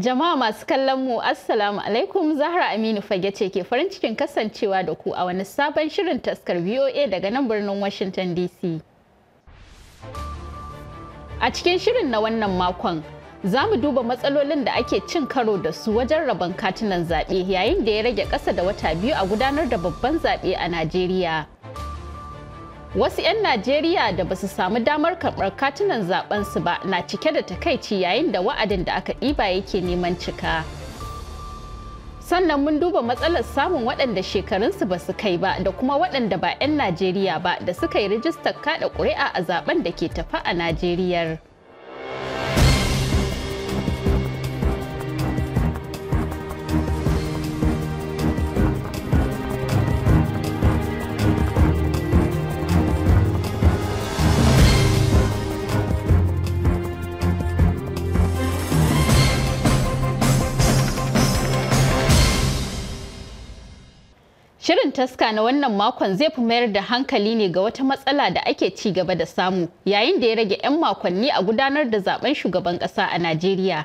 Jama'a masu kallon mu Assalamu alaikum Zahra Aminu Fage ce ke farin cikin kasancewa da ku a wani sabon shirin taskar VOA daga nan birnin Washington DC. A cikin shirin na wannan makon za mu duba matsalolin da ake cin karo da su wajen rabon katunan zaɓe yayin da ya rage ƙasa da wata biyu a gudanar da babban zaɓe a Najeriya. Wasu 'yan Najeriya da ba su samu damar karɓar katunan su ba na cike da takaici yayin da wa'adin da aka ɗiba yake neman cika. Sannan mun duba matsalar samun waɗanda shekarunsu ba su kai ba da kuma waɗanda ba 'yan Najeriya ba da suka yi rijistar kaɗa ƙuri'a a zaben da ke tafa a Najeriyar. Shirin taska na wannan makon zai fi mayar da hankali ne ga wata matsala da ake ci gaba da samu yayin da ya rage 'yan makonni a gudanar da zaben shugaban ƙasa a Najeriya.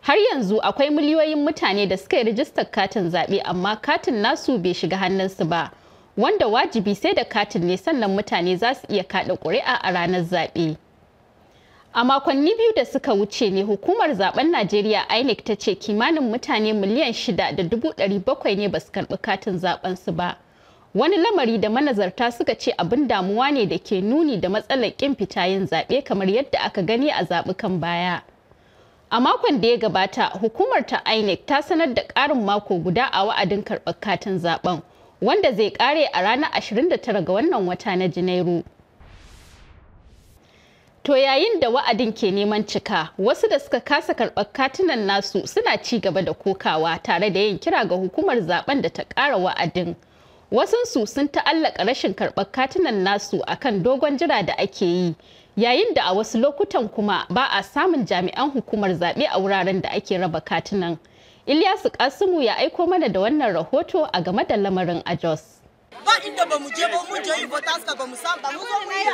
Har yanzu akwai miliyoyin mutane da suka yi rijistar katin zaɓe amma katin nasu bai shiga hannunsu ba, wanda wajibi sai da katin ne sannan mutane za su iya kaɗa ƙuri'a a ranar zaɓe. A makonni biyu da suka wuce ne hukumar zaben Najeriya INEC ta ce kimanin mutane miliyan shida da dubu ɗari bakwai ne ba su karɓi katin zaben su ba. Wani lamari da manazarta suka ce abin damuwa ne da ke nuni da matsalar ƙin fita yin zaɓe kamar yadda aka gani a zaɓukan baya. A makon da ya gabata, hukumar ta INEC ta sanar da ƙarin mako guda a wa'adin karɓar katin zaɓen, wanda zai ƙare a ranar 29 ga wannan wata na Janairu. To yayin da wa'adin ke neman cika, wasu da suka kasa karɓar katunan nasu suna ci gaba da kokawa tare da yin kira ga hukumar zaben da ta ƙara wa'adin. Wasunsu sun ta'allaka rashin karɓar katunan nasu akan dogon jira da ake yi, yayin da a wasu lokutan kuma ba a samun jami'an hukumar zaɓe a wuraren da ake raba katunan. Ilyasu Kasimu ya aiko mana da wannan rahoto a game da lamarin a Jos. ba inda ba mu je ba mun je yi voters ka ba mu samu ba mu zo mu yi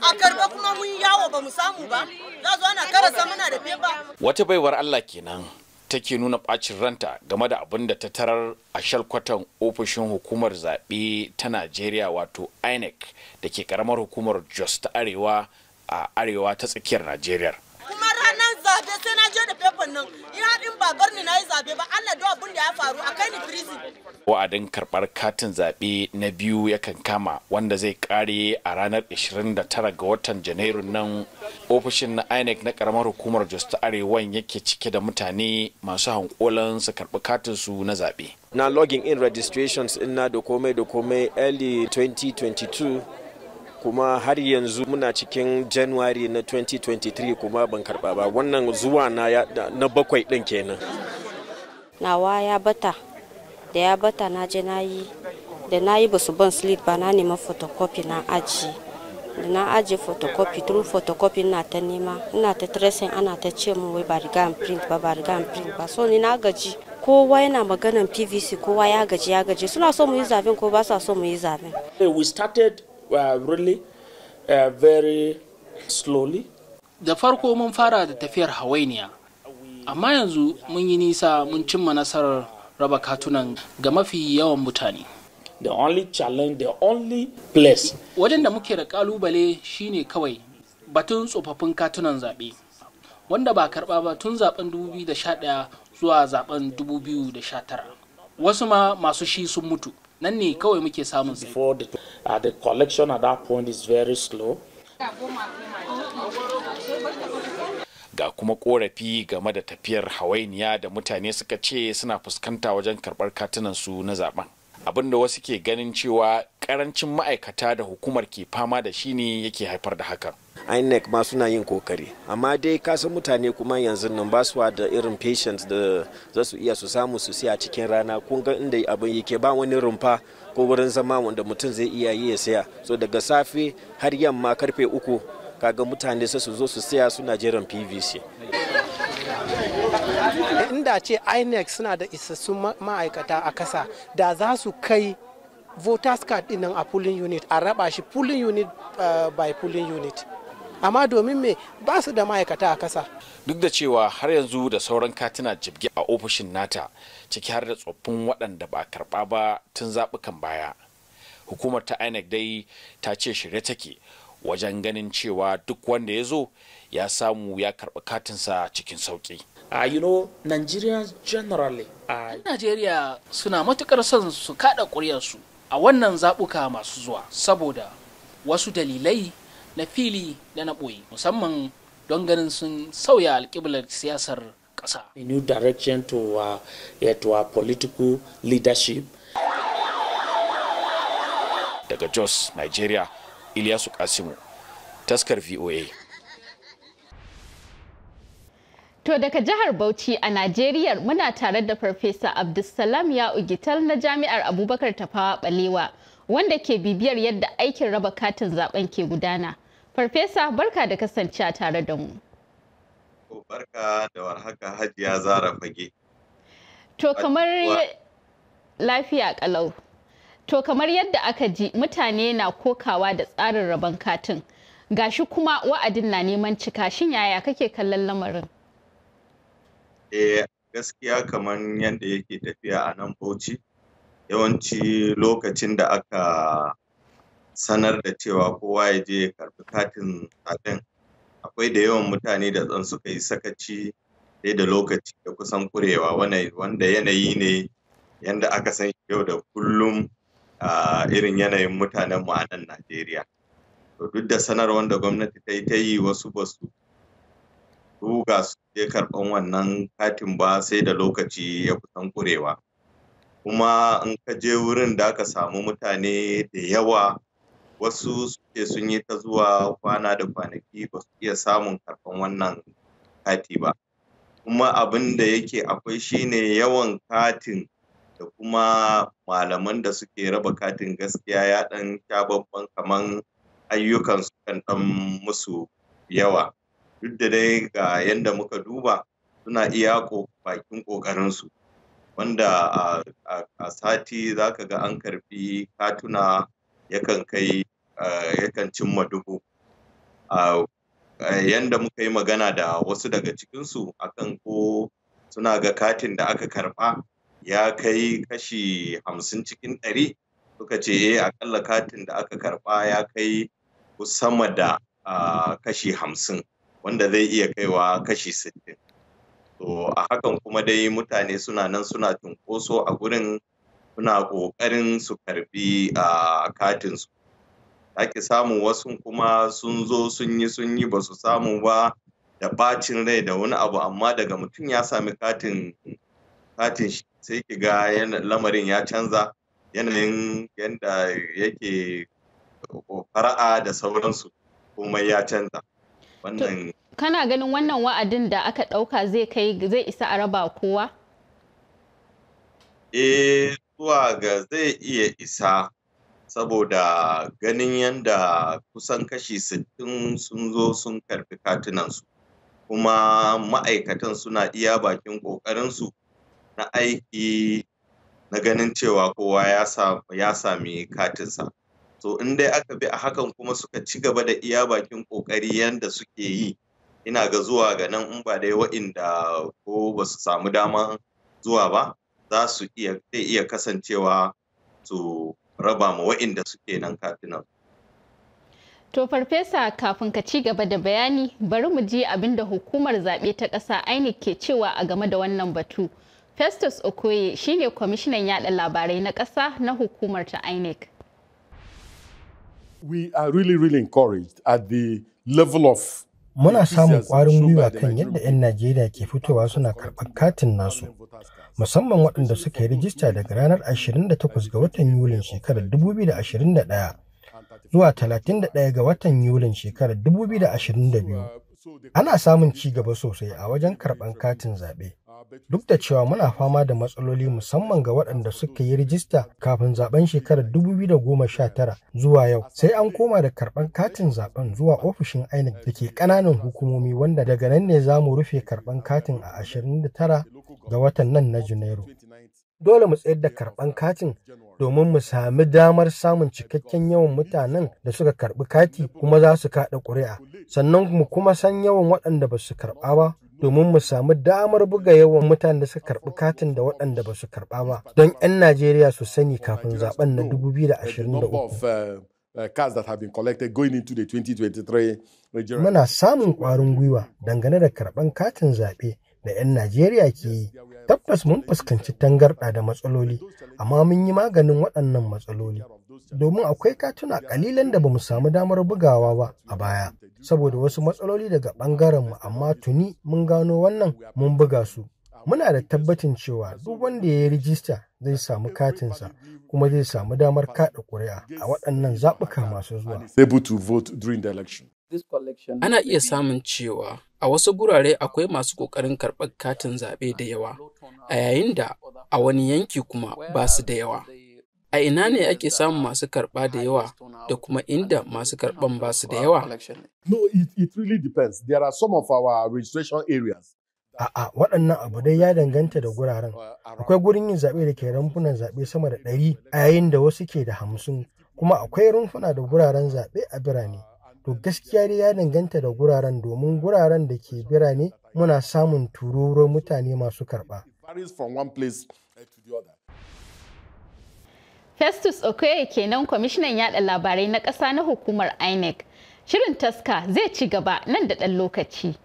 a karba kuma mun yawo ba mu samu ba za zo ana karasa muna da fefa wata baiwar Allah kenan take nuna bacin ranta game da abin da ta tarar a shalkwatan ofishin hukumar zaɓe ta Najeriya wato INEC da ke karamar hukumar Jos ta Arewa a arewa ta tsakiyar Najeriya. dabban nan in din ba bar ni nayi zabe ba Allah do abin da ya faru a kai ni prison wa'adin karbar katin zabe na biyu yakan kama wanda zai kare a ranar 29 ga watan janairu nan ofishin na INEC na karamar hukumar Jos ta Arewan yake cike da mutane masu hankulan su karbi katin su na zabe na logging in registrations ina da komai da komai early 2022 kuma har yanzu muna cikin january na 2023 kuma ban karba ba wannan zuwa na, na bakwai din kenan nawa ya bata da ya bata na je na yi da na yi basu ban slip ba na neman photocopy na aji da na aji photocopy tun photocopy na ta nema ina ta tracing ana ta ce mu wai ba riga print ba ba riga print ba so ni na gaji kowa yana maganan pvc kowa ya gaji ya gaji suna so mu yi zaben ko ba sa so mu yi zaben eh, we started uh, really uh, very slowly. Da farko mun fara da tafiyar hawainiya, amma yanzu mun yi nisa mun cimma nasarar raba katunan ga mafi yawan mutane. The only challenge, the only place. Wajen da muke da kalubale shine kawai batun tsofaffin katunan zaɓe, wanda ba karɓa ba tun zaben 2011 zuwa zaben 2019. Wasu ma masu shi sun mutu. nan ne kawai muke samun zai uh, the collection at that point is very slow ga kuma korafi game da tafiyar hawainiya da mutane suka ce suna fuskanta wajen karɓar katunan su na zaben abin da wasu ke ganin cewa ƙarancin ma'aikata da hukumar ke fama da shi ne yake haifar da hakan inec ma suna yin kokari amma dai kasan mutane kuma yanzu nan ba su da irin patients da za su iya su samu su siya cikin rana kun ga inda abin yake ba wani rumfa ko wurin zama wanda mutum zai iya yi ya siya so daga safe har yamma karfe uku kaga mutane sai su zo su siya suna jiran pvc inda ce inec suna da isassun ma'aikata a kasa da za su kai voters card dinnan a polling unit a raba shi polling unit eh, by polling unit amma domin me ba su da ma'aikata a kasa duk da cewa har yanzu da sauran katina jibgi a ofishin nata ciki har da tsoffin waɗanda ba karɓa ba tun zaɓukan baya hukumar ta inec dai ta ce shirye take wajen ganin cewa duk wanda ya zo ya samu ya karɓi katinsa cikin sauƙi. Uh, you know, Nigerians generally uh... Najeriya suna matukar son su kaɗa ƙuryarsu a wannan zaɓuka masu zuwa saboda wasu dalilai na fili da na ɓoye musamman don ganin sun sauya alƙiblar siyasar ƙasa. A new direction to, uh, to our political leadership. Daga Jos, Nigeria, Ilyasu Kasimu, taskar VOA. To daga jihar Bauchi a Najeriya muna tare da Farfesa Abdulsalam ya ugital na Jami'ar Abubakar Tafawa Balewa. wanda ke bibiyar yadda aikin raba katin zaben ke gudana. Farfesa barka da kasance tare da mu. Barka da warhaka Hajiya Zara Fage. To kamar lafiya kalau. To kamar yadda aka ji mutane na kokawa da tsarin rabon katin. Gashi kuma wa'adin na neman cika shin yaya kake kallon lamarin? Eh gaskiya kamar yadda yake tafiya a nan Bauchi yawanci lokacin da aka sanar da cewa kowa ya je karbi katin zaɓen akwai da yawan mutane da zan suka yi sakaci sai da lokaci da kusan kurewa wanda yanayi ne yanda aka san yau da kullum a irin yanayin mutanen mu a nan Najeriya. To duk da sanarwar da gwamnati ta yi ta yi wasu ba su duga su je karɓan wannan katin ba sai da lokaci ya kusan kurewa. kuma in ka je wurin da aka samu mutane da yawa wasu suke sun yi ta zuwa kwana da kwanaki ba su iya samun karfan wannan kati ba kuma abin da yake akwai shine yawan katin da kuma malaman da suke raba katin gaskiya ya ɗan sha babban kaman ayyukan su kan dan musu yawa duk da dai ga yadda muka duba suna iya bakin ƙoƙarinsu wanda a sati za ka ga an karfi katuna yakan kai yakan cimma dubu yanda muka yi magana da wasu daga cikinsu akan ko suna ga katin da aka karɓa ya kai kashi hamsin cikin ɗari suka ce eh akalla katin da aka karɓa ya kai sama da kashi hamsin wanda zai iya kaiwa kashi sittin To a hakan kuma dai mutane suna nan suna cunkoso a gurin suna ƙoƙarin su karbi a katinsu. Ake samu wasu kuma sun zo sun yi sun yi ba su samu ba da ɓacin rai da wani abu amma daga mutum ya sami katin katin shi sai ki ga lamarin ya canza yanayin yadda yake fara'a da sauransu komai ya canza wannan kana ganin wannan wa'adin da aka ɗauka zai kai zai isa a raba kowa? eh zuwa ga zai iya isa saboda ganin yadda kusan kashi sittin sun zo sun karfi katunansu kuma ma'aikatan suna iya bakin ƙoƙarinsu na aiki na ganin cewa kowa ya sami katinsa to in dai aka bi a hakan kuma suka ci gaba da iya bakin ƙoƙari yadda suke yi ina ga zuwa ga nan in ba dai wa'inda ko ba su samu dama zuwa ba za su iya kasancewa su raba ma wa'inda suke nan kafin nan. To farfesa kafin ka ci gaba da bayani bari mu ji abin da hukumar zaɓe ta ƙasa INEC ke cewa a game da wannan batu. Festus Okoye shine kwamishinan yaɗa labarai na ƙasa na hukumar ta INEC. We are really really encouraged at the level of Muna samun ƙwarin gwiwa kan yadda 'yan Najeriya ke fitowa suna karɓar katin nasu, musamman waɗanda suka yi rijista daga ranar 28 ga watan Yulin shekarar 2021 zuwa 31 ga watan Yulin shekarar 2022. Ana samun ci gaba sosai a wajen karɓar katin zaɓe. Duk da cewa muna fama da matsaloli musamman ga waɗanda suka yi rijista kafin zaben shekarar 2019 zuwa yau, sai an koma da karɓar katin zaben zuwa ofishin INEC da ke ƙananan hukumomi wanda daga nan ne za mu rufe karɓar katin a 29 ga watan nan na Janairu. dole mu tsayar da karɓar katin domin mu sami damar samun cikakken yawan mutanen da suka karɓi kati kuma za su kaɗa ƙuri'a sannan mu kuma san yawan waɗanda ba su karɓa ba domin mu samu damar buga yawan mutanen da suka karɓi katin da waɗanda ba su karɓa ba don 'yan Najeriya su sani kafin zaben na 2023. Um, uh, Muna samun ƙwarin gwiwa dangane da karɓan katin zaɓe da 'yan Najeriya ke yi. Tabbas mun fuskanci tangarɗa da matsaloli, amma mun yi maganin waɗannan matsaloli. Domin akwai katuna ƙalilan da ba mu samu damar bugawa ba a baya, saboda wasu matsaloli daga ɓangarenmu amma tuni mun gano wannan mun buga su. Muna da tabbacin cewa duk wanda ya yi rijista zai samu katinsa kuma zai samu damar kaɗa ƙuri'a a waɗannan zaɓuka masu zuwa. Ana iya samun cewa a wasu gurare akwai masu ƙoƙarin karɓar katin zaɓe da yawa, a yayin da a wani yanki kuma ba su da yawa. A ina ne ake samun masu karɓa da yawa da kuma inda masu karɓan ba su da yawa? No, it really depends. There are some of our registration areas. A'a, waɗannan abu dai ya danganta da guraren. Akwai gurin yin zaɓe da ke rumfunan zaɓe sama da ɗari a yayin da wasu ke da hamsin, kuma akwai rumfuna da guraren zaɓe a birane. To gaskiya dai ya danganta da guraren domin guraren da ke birane muna samun tururuwar mutane masu karɓa. Festus Okoye kenan kwamishinan yada labarai na ƙasa na hukumar INEC. Shirin taska zai ci gaba nan da ɗan lokaci.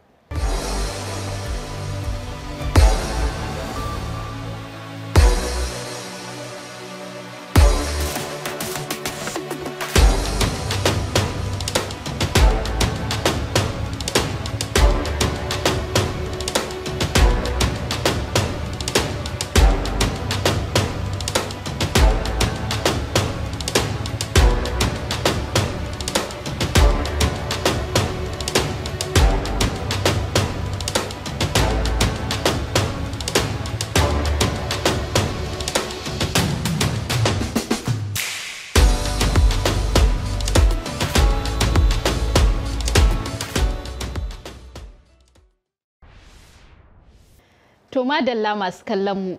madalla masu kallon mu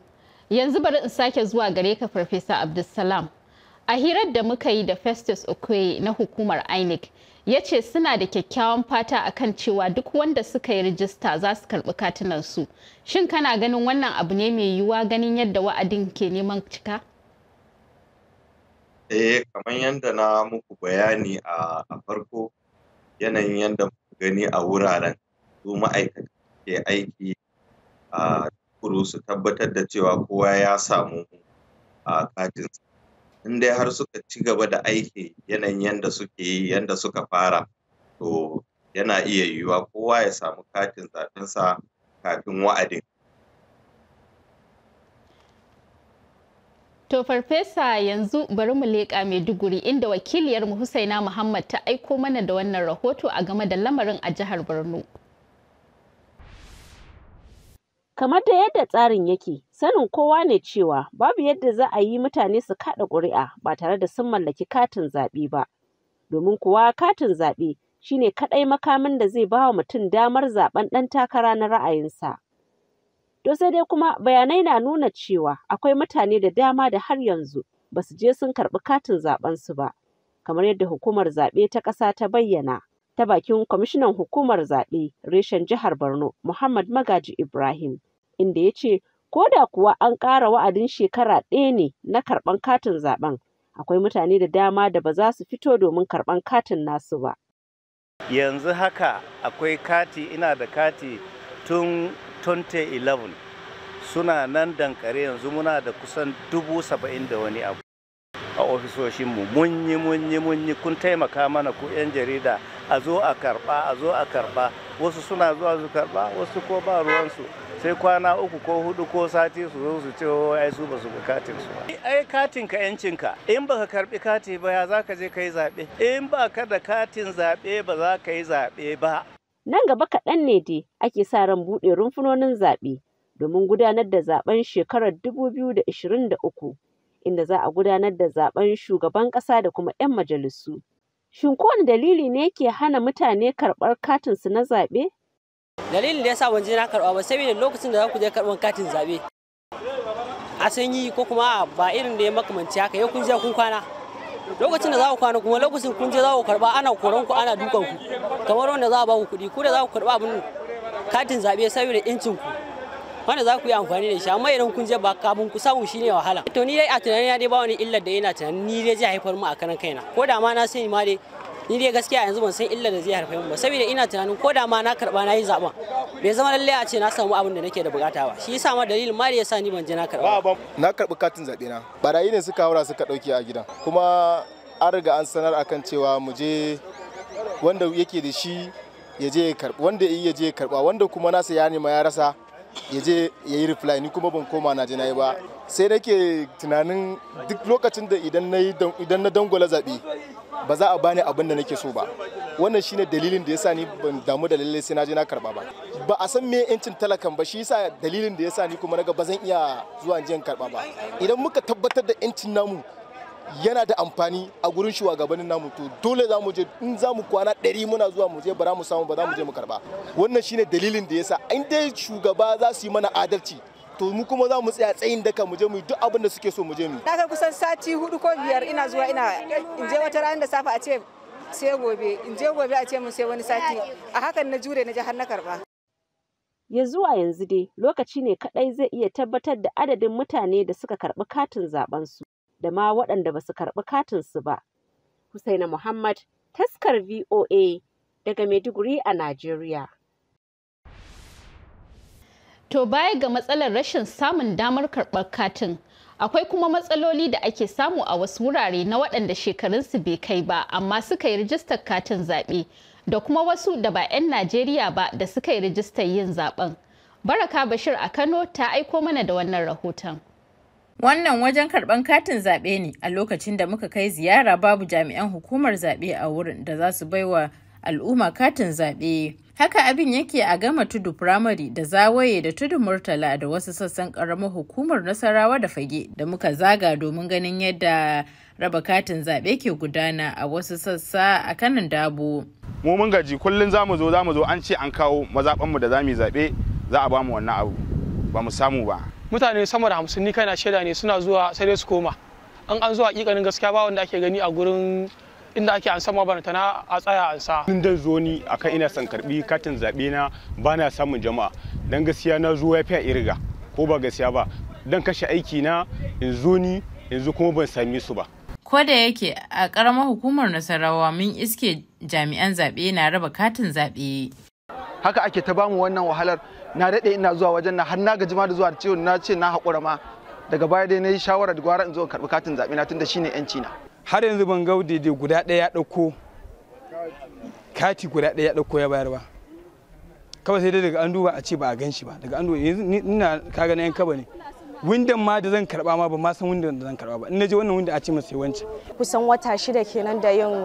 yanzu bari in sake zuwa gare ka farfesa abdulsalam a hirar da muka yi da festus okoye na hukumar inec ya ce suna da kyakkyawan fata akan cewa duk wanda suka yi rijista za su karbi katunan su shin kana ganin wannan abu ne mai yiwuwa ganin yadda wa'adin ke neman cika eh kamar yadda na muku bayani a farko yanayin yadda muka gani a wuraren su ma'aikata ke aiki a tukuru su tabbatar da cewa kowa ya samu a katin in dai har suka ci gaba da aiki yanayin yadda suke yi yadda suka fara to yana iya yiwuwa kowa ya samu katin zaɓensa kafin wa'adin To farfesa yanzu bari mu leƙa Maiduguri inda wakiliyar mu Husaina Muhammad ta aiko mana da wannan rahoto a game da lamarin a jihar Borno. Kamar da yadda tsarin yake, sanin kowa ne cewa babu yadda za a yi mutane su kaɗa ƙuri'a ba tare da sun mallaki katin zaɓe ba, domin kuwa katin zaɓe shi ne kaɗai makamin da zai ba wa mutum damar zaɓen ɗan takara na ra'ayinsa. To sai dai kuma bayanai na nuna cewa akwai mutane da dama da har yanzu ba su je sun karɓi katin zaɓensu ba, kamar yadda hukumar zaɓe ta ƙasa ta bayyana. ta bakin kwamishinan hukumar zaɓe reshen jihar borno muhammad magaji ibrahim inda ya ce ko da kuwa an ƙara wa'adin shekara ɗaya ne na karɓan katin zaɓen akwai mutane da dama da ba za su fito domin karɓan katin nasu ba yanzu haka akwai kati ina da kati tun 2011 suna nan dankare yanzu muna da kusan dubu saba'in da wani abu a ofisoshinmu munyi yi munyi kun taimaka mana ku 'yan jarida a zo a karba a zo a karba wasu suna zuwa su karba wasu ko ba ruwansu sai kwana uku ko hudu ko sati su zo su ce oh, ai su ba su bukatin su ai katin ka yancin ka in baka karbi kati ba ya zaka je kai zabe in ba ka da katin zabe ba za ka yi zabe ba nan gaba kaɗan ne dai ake sa ran buɗe rumfunonin zaɓe domin gudanar da zaben shekarar 2023 inda za a gudanar da zaben shugaban ƙasa da kuma 'yan majalisu. Shin kowane dalili ne ke hana mutane karɓar katinsu na zaɓe? Dalilin da ya sa ban na karɓa ba saboda lokacin da za ku je karɓar katin zaɓe. A sanyi ko kuma ba irin da ya makamanci haka yau kun je kun kwana. lokacin da za ku kwana kuma lokacin kun je za ku karba ana koran ku ana dukan ku kamar wanda za a ba ku kuɗi ku da za ku karba abin katin zaɓe saboda incin ku wanda za ku yi amfani da shi amma idan kun je ba kabun ku samu shine wahala to ni dai a tunanin ya dai ba wani illar da yana tunanin ni dai zai haifar mu a kanan kaina ko da ma na sani ma dai ni dai gaskiya yanzu ban san illar da zai haifar mu ba saboda ina tunanin ko da ma na karba na yi zaben bai zama lalle a ce na samu abin da nake da bukata ba shi yasa ma dalilin ma da yasa ni ban je na karba na karbi katin zabe na barayi ne suka haura suka dauke a gidan kuma an riga an sanar akan cewa mu je wanda yake da shi ya je ya karba wanda ya je ya karba wanda kuma nasa ya nema ya rasa ya je ya yi reply ni kuma ban koma na na yi ba sai nake tunanin duk lokacin da idan na idan na dangwala zaɓe ba za a bani abin da nake so ba wannan shine dalilin da yasa ni ban damu da lalle sai na ji na karba ba ba a san me yancin talakan ba shi yasa dalilin da yasa ni kuma naga ba zan iya zuwa jiyan karba ba idan muka tabbatar da yancin namu yana da amfani a gurin shugabannin namu to dole za mu je in za mu kwana ɗari muna zuwa mu je ba mu samu ba za mu je mu karba wannan shine dalilin da yasa in dai shugaba za su yi mana adalci to mu kuma za mu tsaya tsayin daka mu je mu duk abin da suke so mu je mu na kai kusan sati hudu ko biyar ina zuwa ina in je wata ranar da safa a ce sai gobe in je gobe a ce mun sai wani sati a hakan na jure na je har na karba ya zuwa yanzu dai lokaci ne kadai zai iya tabbatar da adadin mutane da suka karbi katin zaben su da ma waɗanda ba su karɓi katinsu ba. Husaina Muhammad, taskar VOA daga Maiduguri a Najeriya. To baya ga matsalar rashin samun damar karɓar katin, akwai kuma matsaloli da ake samu a wasu wurare na waɗanda shekarunsu bai kai ba amma suka yi rijistar katin zaɓe da kuma wasu da ba 'yan Najeriya ba da suka yi rijistar yin zaɓen. Baraka Bashir a Kano ta aiko mana da wannan rahoton. Wannan wajen karɓan katin zaɓe ne a lokacin da muka kai ziyara babu jami'an hukumar zaɓe a wurin da za su baiwa al'umma katin zaɓe. Haka abin yake a gama tudu firamare da zawaye da tudu murtala da wasu sassan ƙaramar hukumar nasarawa da fage da muka zaga domin ganin yadda raba katin zaɓe ke gudana a wasu sassa a kanan dabo. Mu mun gaji kullum za mu zo za mu zo an ce an kawo mazaɓanmu da za mu zaɓe za a ba wannan abu ba mu samu ba. mutane sama da hamsin ni kaina shaida ne suna zuwa sai dai su koma an an zuwa hakikanin gaskiya ba wanda ake gani a gurin inda ake an sama bana tana a tsaya an sa in dai zo ni akan ina son karbi katin zabe na bana samun jama'a dan gaskiya na zo ya a irga ko ba gaskiya ba dan kashe aiki na in zo ni yanzu kuma ban sami su ba ko da yake a karamar hukumar nasarawa mun iske jami'an zaɓe na raba katin zaɓe haka ake ta bamu wannan wahalar na daɗe ina zuwa wajen na har na gaji ma da zuwa da ciwon na ce na haƙura ma daga baya dai na yi shawarar gwara in zo in karɓi katin zaɓe na da shine yanci na har yanzu ban ga daidai guda ɗaya ya ɗauko kati guda ɗaya ya ɗauko ya bayar ba kawai sai dai daga an duba a ce ba a gan shi ba daga an duba ina ka gani yan kaba ne windan ma da zan karba ma ba ma san windan da zan karba ba in naje wannan windan a ce masa yawanci. kusan wata shida kenan da yin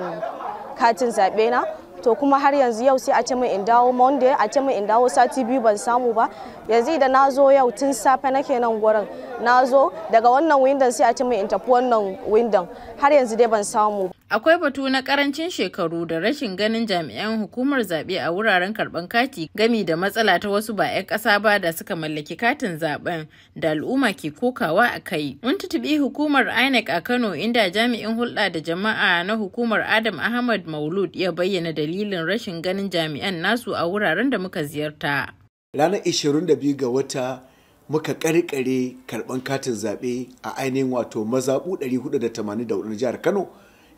katin zaɓe na to kuma har yanzu yau sai a ce min in dawo monday a ce min in dawo sati biyu ban samu ba yanzu idan na zo yau tun safe nake nan gurin na zo daga wannan windon sai a ci mai in tafi wannan windon har yanzu dai ban samu akwai batu na karancin shekaru da rashin ganin jami'an hukumar zaɓe a wuraren karɓan kati gami da matsala ta wasu ba 'yan ƙasa ba da suka mallaki katin zaben da al'umma ke kokawa a kai mun tutubi hukumar inec a kano inda jami'in hulɗa da jama'a na hukumar adam ahmad maulud ya bayyana dalilin rashin ganin jami'an nasu a wuraren da muka ziyarta ranar 22 ga wata muka karkare karban katin zaɓe a ainihin wato mazaɓu 484 na jihar kano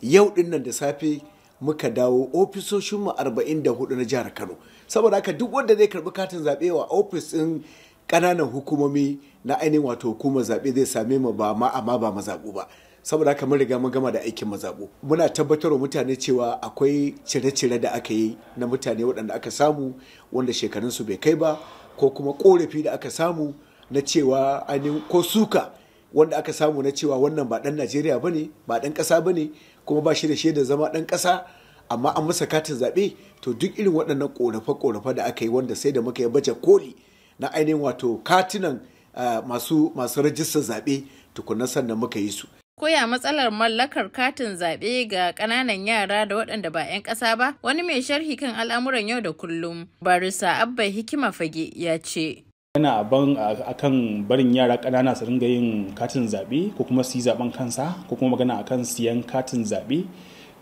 yau dinnan da safe muka dawo ofisoshinmu 44 na jihar kano saboda haka duk wanda zai karbi katin zaɓe wa ofis ɗin ƙananan hukumomi na ainihin wato hukumar zaɓe zai same mu ba ma amma ba mazaɓu ba saboda haka mun riga mun gama da aikin mazaɓo muna tabbatarwa mutane cewa akwai cire-cire da aka yi na mutane waɗanda aka samu wanda shekarunsu bai kai ba ko kuma korafi da aka samu na cewa an ko suka wanda aka samu na cewa wannan ba ɗan najeriya ba ne ba ɗan ƙasa ba ne kuma ba shi da shaidar zama ɗan ƙasa amma an masa katin zaɓe to duk irin waɗannan ƙorafe-ƙorafe da aka yi wanda sai da muka yi baje koli na ainihin wato katinan eh, masu masu rajistar zaɓe tukunan sannan muka yi su koya matsalar mallakar katin zaɓe ga ƙananan yara da waɗanda ba 'yan ƙasa ba wani mai sharhi kan al'amuran yau da kullum barisa abba hikima fage ya ce yana ban kan barin yara ƙanana su ringa yin katin zaɓe ko kuma su yi zaɓen kansa ko kuma magana a kan siyan katin zaɓe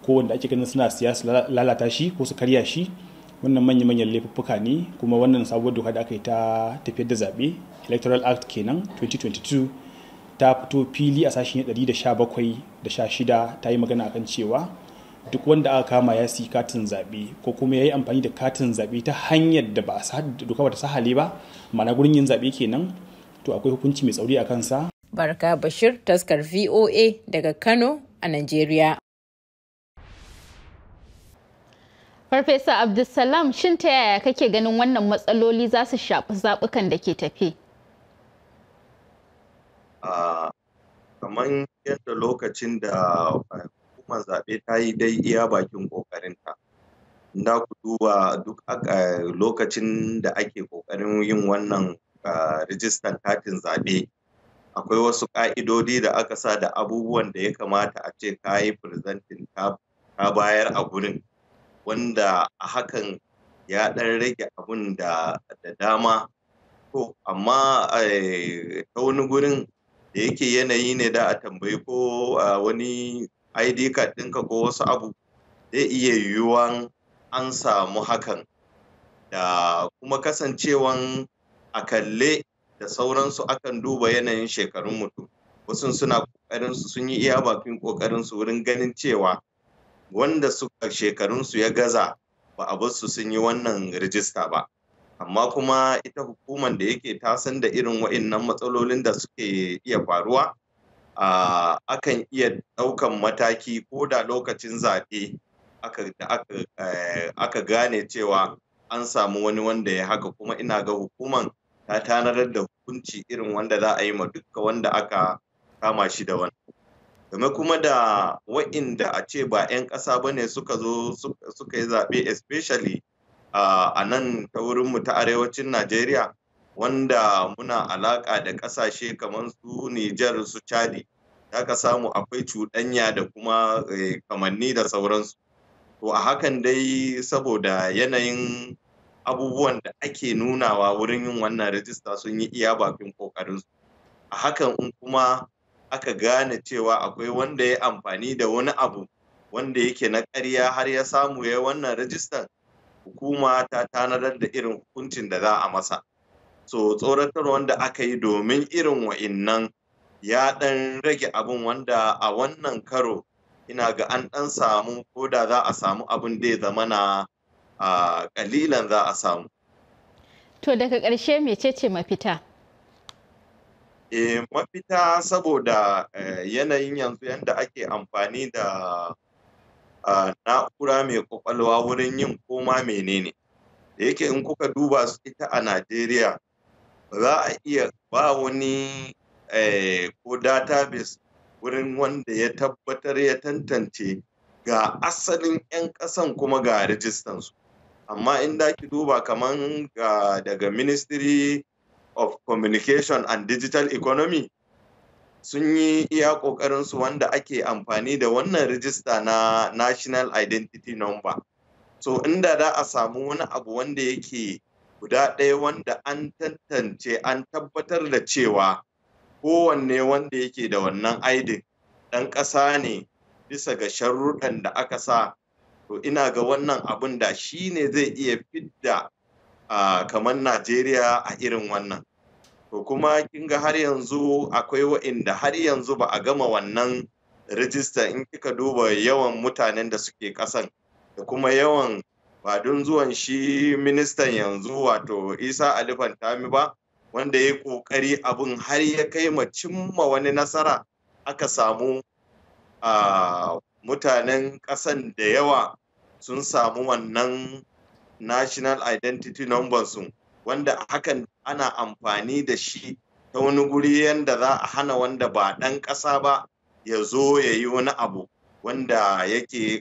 ko wanda ake ganin suna siya su lalata shi ko su karya shi wannan manya-manyan laifuffuka ne kuma wannan sabuwar doka da aka yi ta tafiyar da zaɓe electoral act kenan 2022 ta fito fili a sashen 117 da 16 ta yi magana akan cewa duk wanda aka kama ya siyi katin zaɓe ko kuma ya yi amfani da katin zaɓe ta hanyar da ba a doka ba ta sahale ba mana gurin yin zaɓe kenan to akwai hukunci mai tsauri a kansa. Barka Bashir taskar VOA daga Kano a Najeriya. Farfesa Abdulsalam shin ta yaya kake ganin wannan matsaloli za su shafi zaɓukan da ke tafi. kamar yadda lokacin da hukumar zaɓe ta yi dai iya bakin ƙoƙarinta na ku duba duk lokacin da ake ƙoƙarin yin wannan rijistan katin zaɓe akwai wasu ƙa'idodi da aka sa da abubuwan da ya kamata a ce ka yi presenting ta bayar a gurin wanda a hakan ya ɗan rage abun da dama to amma eh, ta wani gurin da yake yanayi ne da a tambayi ko wani id card ɗinka ko wasu abu zai iya yiwuwan an samu hakan da kuma kasancewan a kalle da sauransu akan duba yanayin shekarun mutum wasu suna kokarin su sun yi iya bakin kokarin su wurin ganin cewa wanda suka shekarun su ya gaza ba a su sun yi wannan rijista ba amma kuma ita hukumar da yake ta san da irin wa'innan matsalolin da suke iya faruwa akan iya ɗaukan mataki ko da lokacin zaɓe eh, aka gane cewa an samu wani wanda ya haka kuma ina ga hukuman ta tanar da hukunci irin wanda za a yi ma duka wanda aka kama shi da wani game kuma da wa'inda a ce ba 'yan ƙasa ba ne suka zo suka yi zaɓe especially a nan ta wurinmu ta arewacin Najeriya wanda muna alaƙa da ƙasashe kamar su Nijar su Chadi ka samu akwai cuɗanya da kuma eh, kamanni da sauransu. To a hakan dai saboda yanayin abubuwan da ake nunawa wurin yin wannan rajista sun yi iya bakin ƙoƙarinsu. A hakan in kuma aka gane cewa akwai wanda ya amfani da wani abu wanda yake na ƙarya har ya samu ya wannan rajistan hukuma ta tanadar da irin hukuncin da za a masa so tsoratar wanda aka yi domin irin wa'innan ya ɗan rage abin wanda a wannan karo ina ga an ɗan samu ko da za a samu abin da ya zama na ƙalilan za a samu to daga ƙarshe mecece mafita e mafita saboda eh, yanayin yanzu yadda ake amfani da na'ura mai kwakwalwa wurin yin koma menene da yake in kuka duba su ita a najeriya ba za a iya ba wani eh, ko database wurin wanda ya tabbatar ya tantance ga asalin 'yan kasan kuma ga rijistansu amma in da ki duba kaman daga ministry of communication and digital economy sun yi iya ƙoƙarinsu wanda ake amfani da wannan rijista na national identity number so inda da a samu wani abu wanda yake guda ɗaya wanda an tantance an tabbatar da cewa kowanne wanda yake da wannan aidin ɗan ƙasa ne bisa ga sharruɗan da aka sa to ina ga wannan abun da shi ne zai iya fidda ah, kamar najeriya a irin wannan to kuma kin ga har yanzu akwai wa'inda har yanzu ba a gama wannan rijista in kika duba yawan mutanen da suke kasan da kuma yawan ba don zuwan shi ministan yanzu wato isa alifan tami ba wanda ya kokari abin har ya kai ma cimma wani nasara aka samu a mutanen kasan da yawa sun samu wannan national identity number sun wanda hakan ana amfani da shi ta wani guri yadda za a hana wanda ba ɗan ƙasa ba ya zo ya yi wani abu wanda yake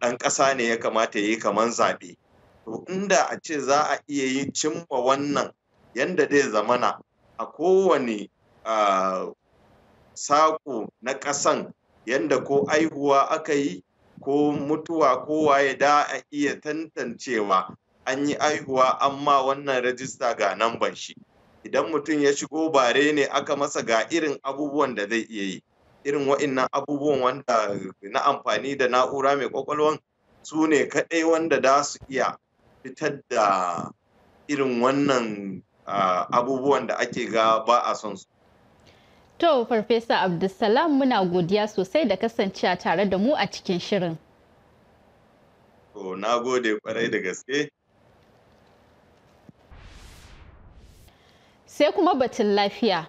ɗan ƙasa ne ya kamata ya yi kamar zaɓe. To inda a ce za a iya yi cimma wannan yadda zai zamana a kowane saƙo na ƙasan yadda ko aihuwa aka yi ko mutuwa ko waye da a iya tantancewa an yi aihuwa amma wannan rajista ga nan ban shi idan mutum ya shigo bare ne aka masa ga irin abubuwan da zai iya yi irin wa'innan abubuwan wanda na amfani da na'ura mai kwakwalwan su ne kaɗai wanda da su iya fitar da irin wannan abubuwan da ake ga ba a son su To, Farfesa Abdulsalam muna godiya sosai da kasancewa tare da mu a cikin shirin. To, na gode kwarai da gaske. sai kuma batun lafiya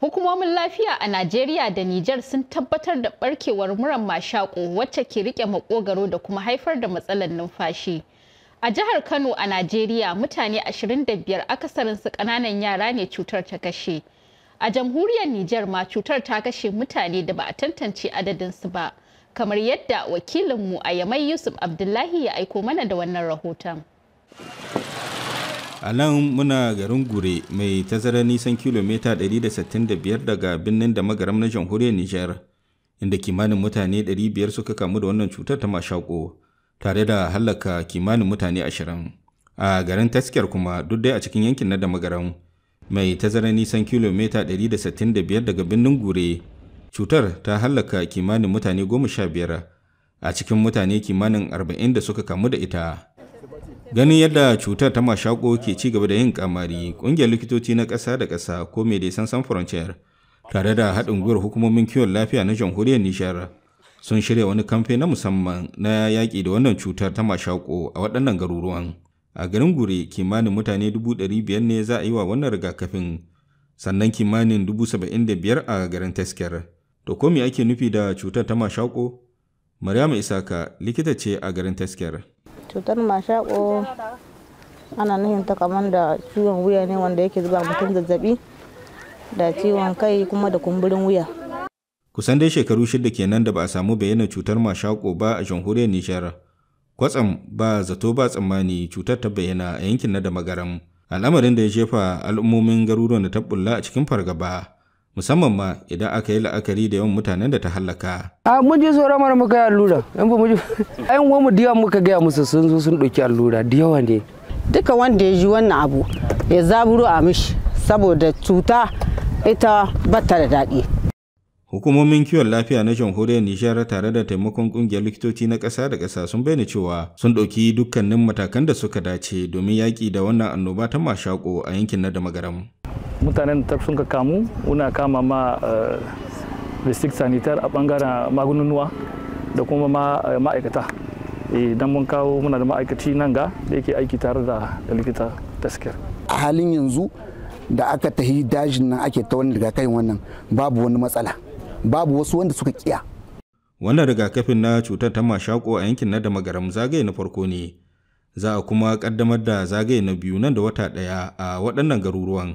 hukumomin lafiya a najeriya da nijar sun tabbatar da barkewar muran mashaƙo wacce ke rike makogaro da kuma haifar da matsalar numfashi a jihar kano a najeriya mutane 25 akasarin su kananan yara ne cutar ta kashe a jamhuriyar nijar ma cutar ta kashe mutane da ba a tantance adadinsu ba kamar yadda wakilinmu a yamai yusuf abdullahi ya aiko mana da wannan rahoton a nan muna garin gure mai tazarar nisan kilomita 165 daga birnin da magaram na jamhuriyar nijar inda kimanin mutane 500 suka kamu da wannan cutar ta mashako tare da hallaka kimanin mutane 20 a garin taskiyar kuma duk dai a cikin yankin na da magaram mai tazarar nisan kilomita 165 daga birnin gure cutar ta hallaka kimanin mutane 15 a cikin mutane kimanin 40 da suka kamu da ita Ganin yadda cutar ta mashako ke ci gaba da yin kamari, ƙungiyar likitoci na kasa da ƙasa ko mai san san frontier tare da haɗin gwiwar hukumomin kiwon lafiya na jamhuriyar Nijar sun shirya wani kamfe na musamman na yaƙi da wannan cutar ta mashako a waɗannan garuruwan. A garin Gure kimanin mutane dubu ɗari biyar ne za a yi wa wannan rigakafin sannan kimanin dubu saba'in da biyar a garin Tasker. To ko me ake nufi da cutar ta mashako? Maryama Isaka likita ce a garin Tasker. cutar mashako ana ta kamar da ciwon wuya ne wanda yake zuba mutum zazzabi da ciwon kai kuma da kumburin wuya kusan dai shekaru shida kenan da ba a samu bayyana cutar mashako ba a jamhuriyar nijar kwatsam ba zato ba tsammani cutar ta bayyana a yankin na da magaram al'amarin da ya jefa al'ummomin garuruwan da ta bulla a cikin fargaba musamman ma idan aka yi la'akari da yawan mutanen da ta halaka. A mun ji tsoron mara muka yi allura, yan ba mu ji ayin mu da muka gaya musu sun zo sun ɗauki allura da ne. Duka wanda ya ji wannan abu ya zaburo a mishi saboda cuta ita bata da daɗi. Hukumomin kiwon lafiya na jamhuriyar Nijar tare da taimakon kungiyar likitoci na ƙasa da ƙasa sun bayyana cewa sun ɗauki dukkanin matakan da suka dace domin yaƙi da wannan annoba ta mashako a yankin na da magaram. mutanen da sun ka kamu muna kama ma district eh, sanitar a bangaren magununuwa da kuma eh, ma'aikata eh, idan mun kawo muna da ma'aikaci nan ga da yake aiki tare da likita taskir a halin yanzu da aka tahi dajin nan ake ta wani rigakafin wannan babu wani matsala babu wasu wanda suka kiya wannan rigakafin na cutar ta mashako a yankin na magaram zagaye na farko ne za a kuma kaddamar da zagaye na biyu nan da wata daya a waɗannan garuruwan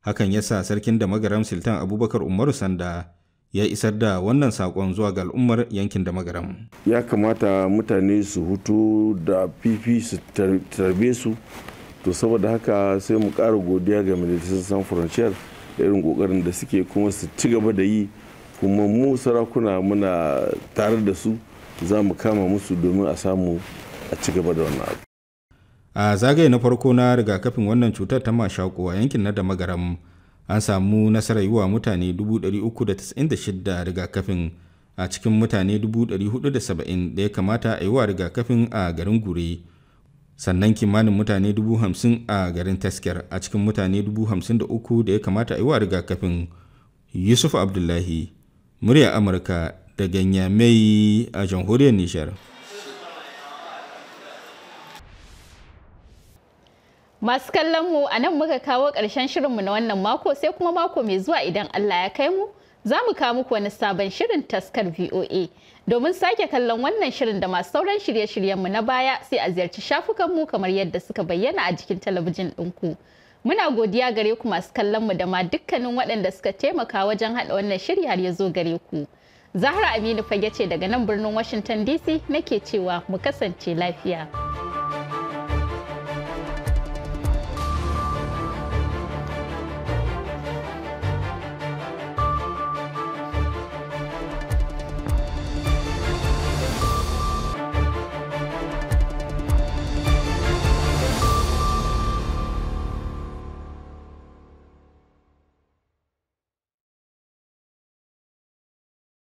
hakan ya sa sarkin da magaram sultan abubakar umaru sanda ya isar da wannan saƙon zuwa ga al'ummar yankin da magaram ya kamata mutane su hutu da fifi su tarbe su to saboda haka sai mu ƙara godiya ga medecines san frontier da irin ƙoƙarin da suke kuma su ci gaba da yi kuma mu sarakuna muna tare da su za mu kama musu domin a samu a ci gaba da wannan abu a zagaye na farko na rigakafin wannan cutar ta mashaƙo a yankin na da magaram an samu nasarar yi wa mutane 396 rigakafin a cikin mutane 470 da ya kamata a yi wa rigakafin a garin gure sannan kimanin mutane 50 a garin taskiyar a cikin mutane 53 da ya kamata a yi wa rigakafin yusuf abdullahi murya amurka da ganyamai a jamhuriyar nishar Masu kallon mu a nan muka kawo ƙarshen shirinmu na wannan mako sai kuma mako mai zuwa idan Allah ya kai mu za mu kawo muku wani sabon shirin taskar VOA. Domin sake kallon wannan shirin da masu sauran shirye-shiryenmu na baya sai a ziyarci shafukanmu kamar yadda suka bayyana a jikin talabijin ɗinku. Muna godiya gare ku masu kallon mu da ma dukkanin waɗanda suka taimaka wajen haɗa wannan shiri har ya zo gare ku. Zahra Aminu fage ce daga nan birnin Washington DC nake cewa mu kasance lafiya.